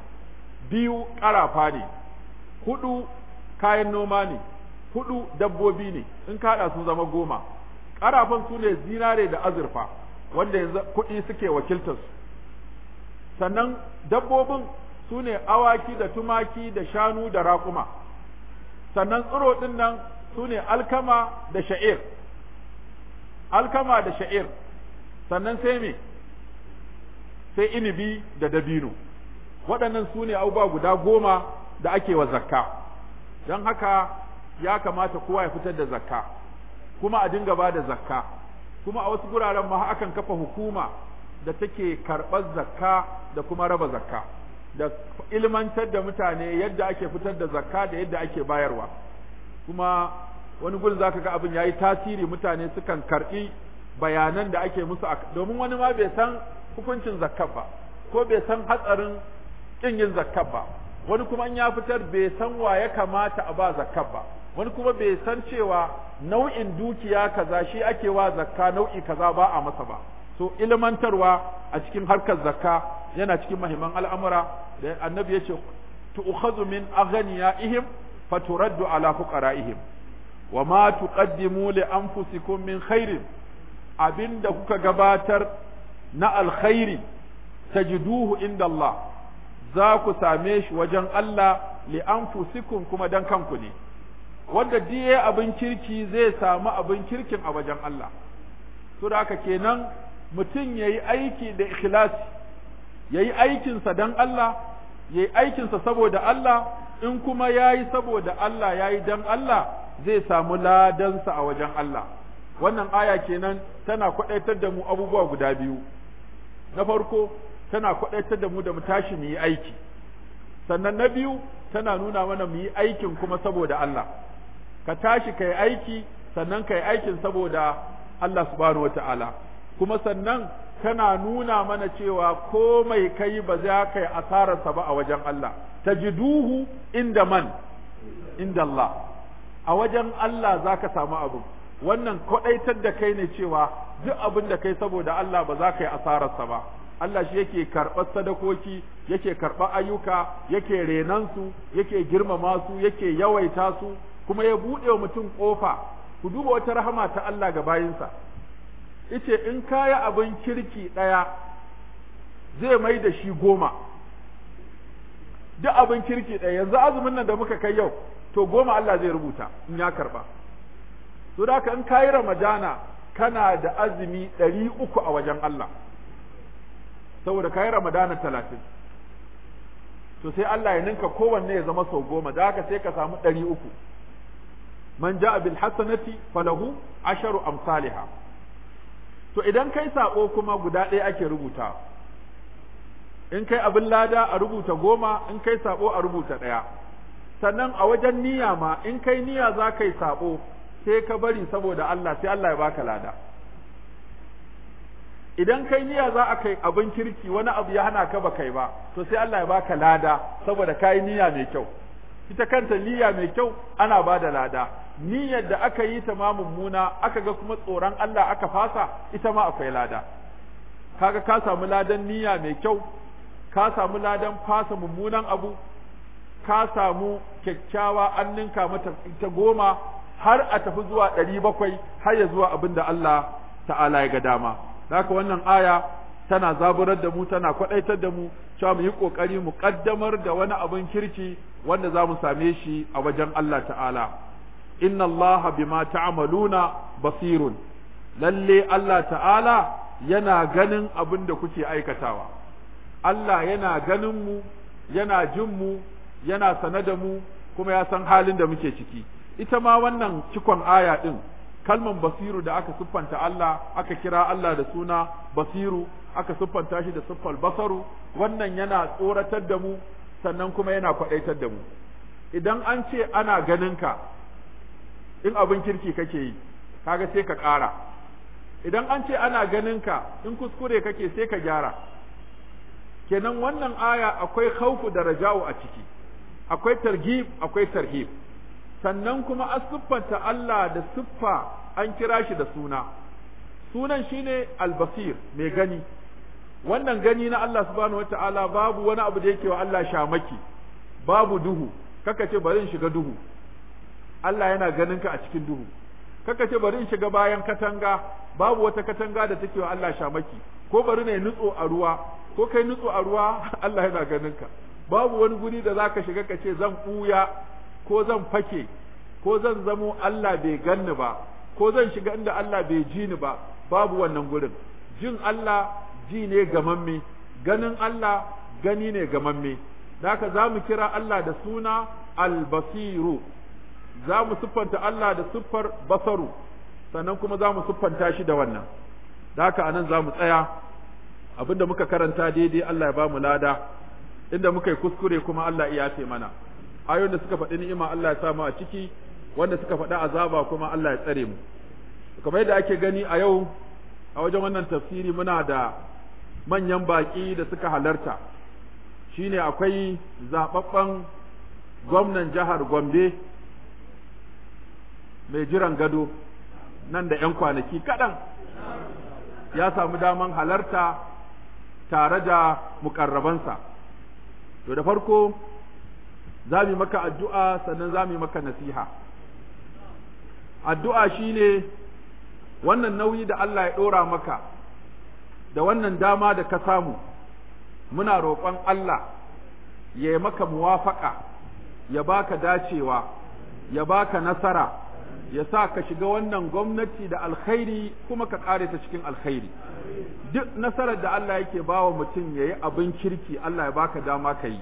biyu ƙarafa ne hudu kayan noma ne hudu dabbobi ne in kada su zama goma Ƙarafan su ne zinare da azurfa wanda yanzu kuɗi suke wakiltar su sannan dabbobin su ne awaki da tumaki da shanu da raƙuma sannan tsiro ɗin nan su ne alkama da sha'ir alkama da sha'ir sannan sai me sai inibi da dabino waɗannan su ne abubuwa guda goma da ake wa zakka don haka ya kamata kowa ya fitar da zakka kuma a dinga ba da zakka kuma a wasu guraren ma akan kafa hukuma da take karɓar zakka da kuma raba zakka da ilmantar da mutane yadda ake fitar da zakka da yadda ake bayarwa kuma wani gurin zaka ga abin yayi tasiri mutane sukan karɓi bayanan da ake musu domin wani ma bai san hukuncin zakka ba ko bai san hatsarin Ƙin yin zakka ba wani kuma ya fitar bai san wa ya kamata a ba zakka ba wani kuma bai san cewa nau'in dukiya kaza shi ake wa zakka nau'i kaza ba a masa ba so ilmantarwa a cikin harkar zakka yana cikin mahimman al'amura da annabi ya ce tu'khadhu min aghniyaihim faturaddu ala fuqaraihim wa ma tuqaddimu li anfusikum min khairin abinda kuka gabatar na alkhairi tajiduhu inda Allah za ku same shi wajen Allah li anfusikum kuma dan kanku ne wanda diye abin kirki zai samu abin kirkin a wajen Allah to da aka kenan mutum yayi aiki da ikhlasi yayi aikinsa dan Allah yayi aikinsa saboda Allah in kuma yayi saboda Allah yayi dan Allah zai samu ladansa a wajen Allah wannan aya kenan tana kwadaitar da mu abubuwa guda biyu na farko tana kwaɗaitar da mu da mu tashi mu yi aiki sannan na biyu tana nuna mana mu yi aikin kuma saboda Allah ka tashi ka yi aiki sannan ka yi aikin saboda Allah subhanahu wata'ala kuma sannan tana nuna mana cewa komai kai ba za ka yi asararsa ba a wajen Allah tajiduhu inda man inda Allah a wajen Allah za ka samu abu wannan kwaɗaitar da kai ne cewa duk abin da kai saboda Allah ba za ka yi asararsa ba Allah shi yake karɓar sadakoki yake karɓar ayyuka yake renansu yake girmama su yake yawaita su kuma ya buɗe wa mutum ƙofa ku duba wata rahama ta Allah ga bayinsa ice in kaya abin kirki ɗaya zai mai da shi goma duk abin kirki ɗaya yanzu azumin nan da muka kai yau to goma Allah zai rubuta in ya karɓa to da in kayi ramadana kana da azumi ɗari uku a wajen Allah saboda kai ramadana talatin to sai Allah ya ninka kowanne ya zama sau goma da haka sai ka samu ɗari uku man ja'a bil hasanati falahu asharu amsalha to idan kai sako kuma guda ɗaya ake rubuta in kai abin lada a rubuta goma in kai sako a rubuta ɗaya sannan a wajen niyya ma in kai niyya za ka yi sako sai ka bari saboda Allah sai Allah ya baka lada idan kai niyya za a kai abin kirki wani abu ya hana ka ba kai ba to sai Allah ya baka lada saboda kai niyya mai kyau ita kanta niyya mai kyau ana ba da lada niyyar da aka yi ta ma mummuna aka ga kuma tsoron Allah aka fasa ita ma akwai lada kaga ka samu ladan niyya mai kyau ka samu ladan fasa mummunan abu ka samu kyakkyawa an ninka mata ta goma har a tafi zuwa ɗari bakwai har ya zuwa abin da Allah ta'ala ya ga dama haka wannan aya tana zaburar da mu tana kwadaitar da mu cewa mu yi kokari mu kaddamar da wani abin kirki wanda za mu same shi a wajen Allah ta'ala inna Allah bima ta'maluna basirun lalle Allah ta'ala yana ganin abin da kuke aikatawa Allah yana ganin mu yana jin mu yana sane da mu kuma ya san halin da muke ciki ita ma wannan cikon aya din kalman basiru da aka siffanta Allah aka kira Allah da suna basiru aka siffanta shi da siffal basaru wannan yana tsoratar da mu sannan kuma yana kwadaitar da mu idan an ce ana ganin ka in abin kirki kake yi kaga sai ka ƙara idan an ce ana ganin ka in kuskure kake sai ka gyara kenan wannan aya akwai khawfu da raja'u a ciki akwai targhib akwai tarhib sannan kuma an siffanta Allah da siffa an kira shi da suna sunan shine al-basir mai gani wannan gani na Allah subhanahu wata'ala babu wani abu da yake wa Allah shamaki babu duhu kaka ce bari in shiga duhu Allah yana ganin ka a cikin duhu kaka ce bari in shiga bayan katanga babu wata katanga da take wa Allah shamaki ko bari ne nutso a ruwa ko kai nutso a ruwa Allah yana ganin ka babu wani guri da zaka shiga ka ce zan buya ko zan fake ko zan zamo Allah bai ganni ba ko zan shiga inda Allah bai ji ni ba babu wannan gurin jin Allah ji ne me ganin Allah gani ne gamamme haka za zamu kira Allah da suna albasiru za mu siffanta Allah da siffar basaru sannan kuma zamu mu siffanta shi da wannan haka anan za mu tsaya abinda muka karanta daidai Allah ya ba mu lada inda muka yi kuskure kuma Allah iya ce mana ayoyin da suka faɗi ni'ima Allah ya sa a ciki wanda suka faɗi azaba kuma Allah ya tsare mu kamar yadda ake gani a yau a wajen wannan tafsiri muna da manyan baƙi da suka halarta shine akwai zaɓaɓɓen gwamnan jihar Gombe mai jiran gado nan da 'yan kwanaki kaɗan ya samu daman halarta tare da mukarrabansa to da farko za mu maka addu'a sannan za mu maka nasiha addu'a shine wannan nauyi da Allah ya ɗora maka da wannan dama da ka samu muna roƙon Allah ya yi maka muwafaƙa ya baka dacewa ya baka nasara ya sa ka shiga wannan gwamnati da alkhairi kuma ka ƙare ta cikin alkhairi duk nasarar da Allah yake bawa mutum ya yi abin kirki Allah ya baka dama ka yi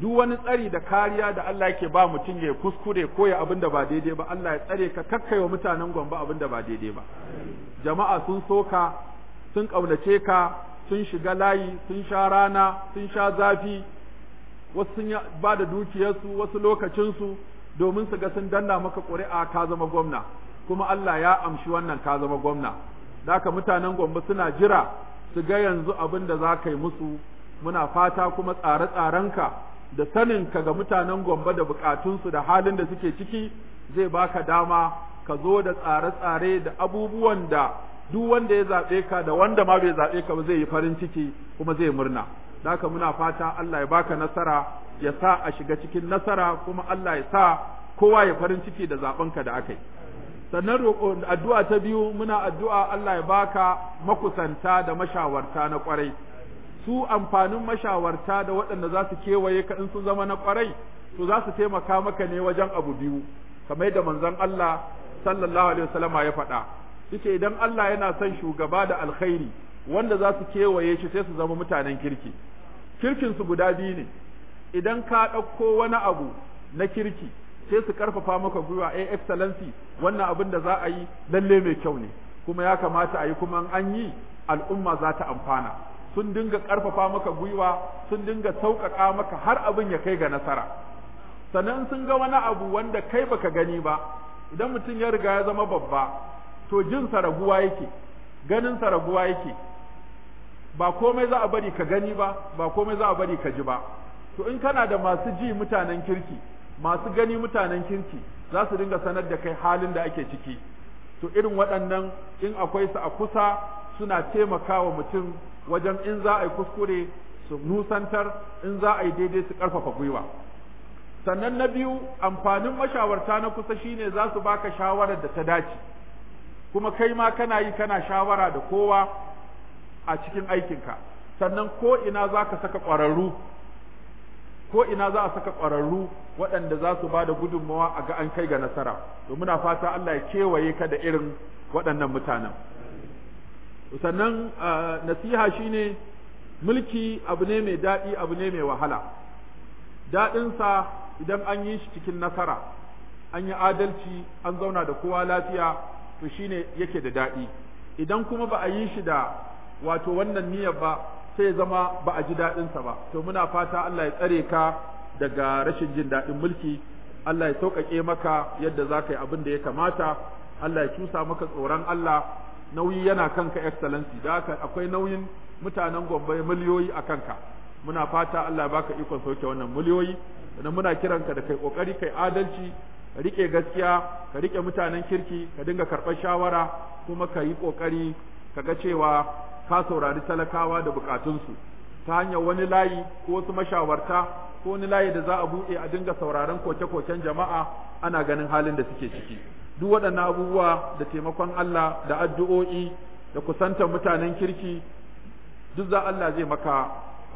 duk wani tsari da kariya da Allah yake ba mutum ya kuskure ko ya abin da ba daidai ba Allah ya tsare ka kakkaiwa mutanen gwamba abin da ba daidai ba jama'a sun soka sun kaunace ka sun shiga layi sun sha rana sun sha zafi wasu sun ba da dukiyarsu wasu lokacinsu domin su ga sun danna maka ƙuri'a ka zama gwamna kuma Allah ya amshi wannan ka zama gwamna da mutanen gwamba suna jira su ga yanzu abin da za ka yi musu muna fata kuma tsare-tsarenka da saninka ga mutanen Gombe da bukatunsu da halin da suke ciki zai baka dama ka zo da tsare-tsare da abubuwan da duk wanda ya zaɓe ka da wanda ma bai zaɓe ka ba zai yi farin ciki kuma zai murna haka muna fata Allah ya baka nasara ya sa a shiga cikin nasara kuma Allah ya sa kowa ya farin ciki da zaɓenka da aka yi sannan roƙo addu'a ta biyu muna addu'a Allah ya baka makusanta da mashawarta na kwarai. su amfanin mashawarta da waɗanda za su kewaye ka in sun zama na ƙwarai to za su taimaka maka ne wajen abu biyu kamar da manzon Allah sallallahu alaihi wasallam ya faɗa yace idan Allah yana son shugaba da alkhairi wanda za su kewaye shi sai su zama mutanen kirki kirkin su guda biyu ne idan ka ɗauko wani abu na kirki sai su karfafa maka gwiwa eh excellency wannan abin da za a yi lalle mai kyau ne kuma ya kamata a yi kuma an yi al'umma za ta amfana sun dinga ƙarfafa maka gwiwa sun dinga sauƙaƙa maka har abin ya kai ga nasara sannan sun ga wani abu wanda kai baka gani ba idan mutum ya riga ya zama babba to jin saraguwa yake ganin saraguwa yake ba komai za a bari ka gani ba ba komai za a bari ka ji ba to in kana da masu ji mutanen kirki masu gani mutanen kirki za su dinga sanar da kai halin da ake ciki to irin waɗannan in akwai su a kusa suna taimakawa mutum wajen in za a yi kuskure su nusantar in za a yi daidai su ƙarfafa gwiwa sannan na biyu amfanin mashawarta na kusa shine za su baka shawarar da ta dace kuma kai ma kana yi kana shawara da kowa a cikin aikinka sannan ko ina za ka saka ƙwararru ko ina za a saka ƙwararru waɗanda za su ba da gudunmawa a ga an kai ga nasara Domin muna fata Allah ya kewaye ka da irin waɗannan mutanen sannan nasiha shine mulki abu ne mai daɗi abu ne mai wahala daɗinsa idan an yi shi cikin nasara an yi adalci an zauna da kowa lafiya to shine yake da daɗi idan kuma ba a yi shi da wato wannan niyyar ba sai zama ba a ji daɗinsa ba to muna fata Allah ya tsare ka daga rashin jin daɗin mulki Allah ya sauƙaƙe maka yadda za ka yi abin da ya kamata Allah ya cusa maka tsoron Allah nauyi yana kanka excellency da haka akwai nauyin mutanen gombe miliyoyi a kanka muna fata Allah baka ikon sauke wannan miliyoyi sannan muna kiranka da kai kokari kai adalci ka rike gaskiya ka rike mutanen kirki ka dinga karɓar shawara kuma ka yi kokari ka ga cewa ka saurari talakawa da bukatunsu ta hanyar wani layi ko wasu mashawarta ko wani layi da za a buɗe a dinga sauraron koke-koken jama'a ana ganin halin da suke ciki duk waɗannan abubuwa da taimakon Allah da addu'o'i da kusantar mutanen kirki duk za Allah zai maka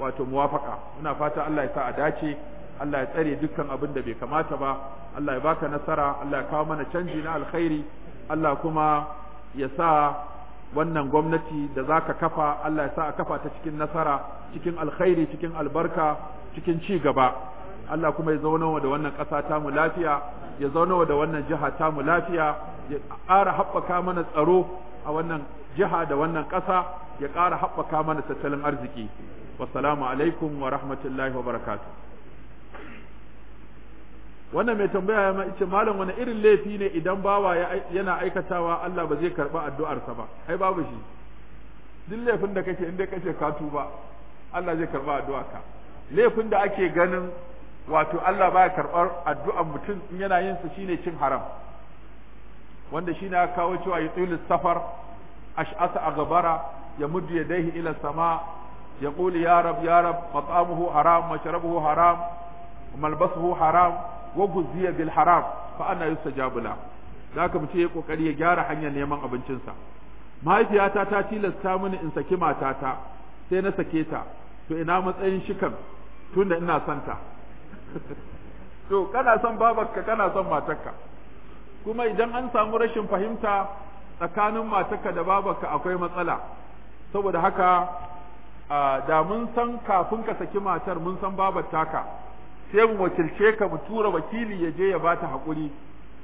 wato muwafaka muna fata Allah ya sa a dace Allah ya tsare dukkan abin da bai kamata ba Allah ya baka nasara Allah ya kawo mana canji na alkhairi Allah kuma ya sa wannan gwamnati da zaka kafa Allah ya sa a kafa ta cikin nasara cikin alkhairi cikin albarka cikin ci gaba Allah kuma ya zauna da wannan ƙasa ta mu lafiya ya zauna da wannan jiha ta mu lafiya ya ƙara haɓaka mana tsaro a wannan jiha da wannan ƙasa ya ƙara haɓaka mana tattalin arziki wassalamu alaikum wa rahmatullahi wa barakatuh wannan mai tambaya ya ce malam wani irin laifi ne idan bawa yana aikatawa Allah ba zai karɓi addu'arsa ba ai babu shi duk laifin da kake inda kake ka tuba Allah zai karɓi addu'arka laifin da ake ganin wato Allah baya karɓar addu'ar mutum in yana yin su shine cin haram wanda shine ya kawo cewa yutul safar ash'asa aghbara yamuddu yadayhi ila sama yaqulu ya rab ya rab mat'amuhu haram masharabuhu haram malbasuhu haram wa guziya bil haram fa ana yustajabu jabula da haka ya kokari ya gyara hanyar neman abincinsa mahaifiyata ta tilasta mini in saki matata sai na sake ta to ina matsayin shikan tunda ina santa to kana son babarka kana son matarka kuma idan an samu rashin fahimta tsakanin matarka da babarka akwai matsala saboda haka da mun san kafin ka saki matar mun san babar taka sai mu wakilce ka mu tura wakili ya je ya bata haƙuri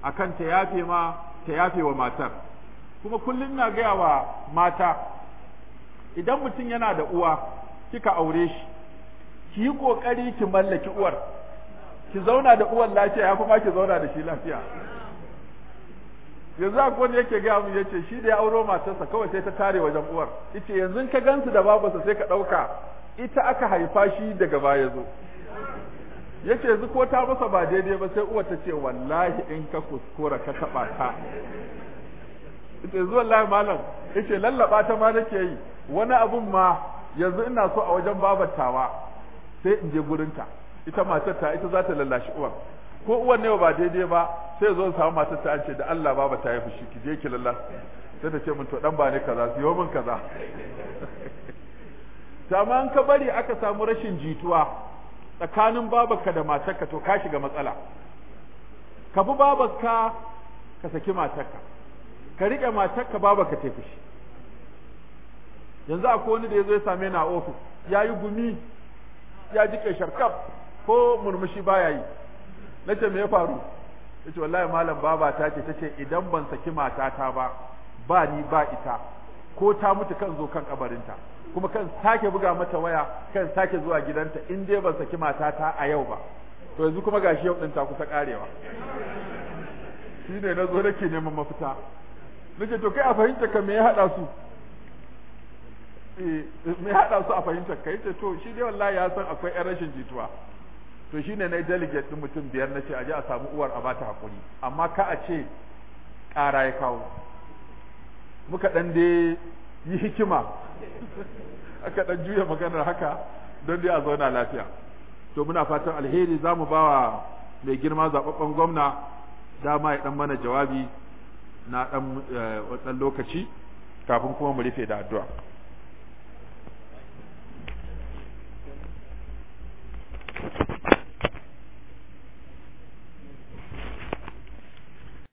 akan ta yafe ma ta yafe wa matar kuma kullum na gaya wa mata idan mutum yana da uwa kika aure shi ki yi ƙoƙari ki mallaki uwar ki zauna da uwan lafiya ya fi ki zauna da shi lafiya yanzu a wanda yake gaya mun yace shi da ya auro matarsa kawai sai ta tare wajen uwar yace yanzu ka gansu da babansa sai ka ɗauka ita aka haifa shi daga baya zo yace yanzu ko ta masa ba daidai ba sai uwar ta ce wallahi in ka kuskura ka taɓa ta ita yanzu wallahi malam yace lallaɓa ta ma nake yi wani abun ma yanzu ina so a wajen babatawa sai in je gurinta ita matar ta ita za ta lallashi uwan ko uwan ne ba daidai ba sai zo samu matar ta an ce da Allah baba ta yi fushi ki je ki lalla sai ta ce min to dan ba ne kaza siyo min kaza ta ma an ka bari aka samu rashin jituwa tsakanin babarka da matarka to ka shiga matsala ka bi babarka ka saki matarka ka riƙe matarka babarka ta fushi yanzu akwai wani da ya zo ya same ni a ofis ya yi gumi ya jike kaf. ko murmushi baya yi nace me ya faru yace wallahi malam baba ta ce tace idan ban saki matata ba ba ni ba ita ko ta mutu kan zo kan kabarinta kuma kan sake buga mata waya kan sake zuwa gidanta in dai ban saki matata a yau ba to yanzu kuma gashi yau din ta kusa karewa shine nazo nake neman mafita nace to kai a fahimta ka me ya hada su eh me ya hada su a fahimta kai ce to shi dai wallahi ya san akwai yan rashin jituwa to shine na delegate din mutum biyar na ce a je a samu uwar a bata hakuri amma ka a ce ƙara ya kawo muka ɗan dai yi hikima aka ɗan juya maganar haka don dai a zauna lafiya to muna fatan alheri za mu ba wa mai girma zaɓaɓɓen gwamna dama ya ɗan mana jawabi na ɗan eh, wannan lokaci kafin kuma mu rufe da addu'a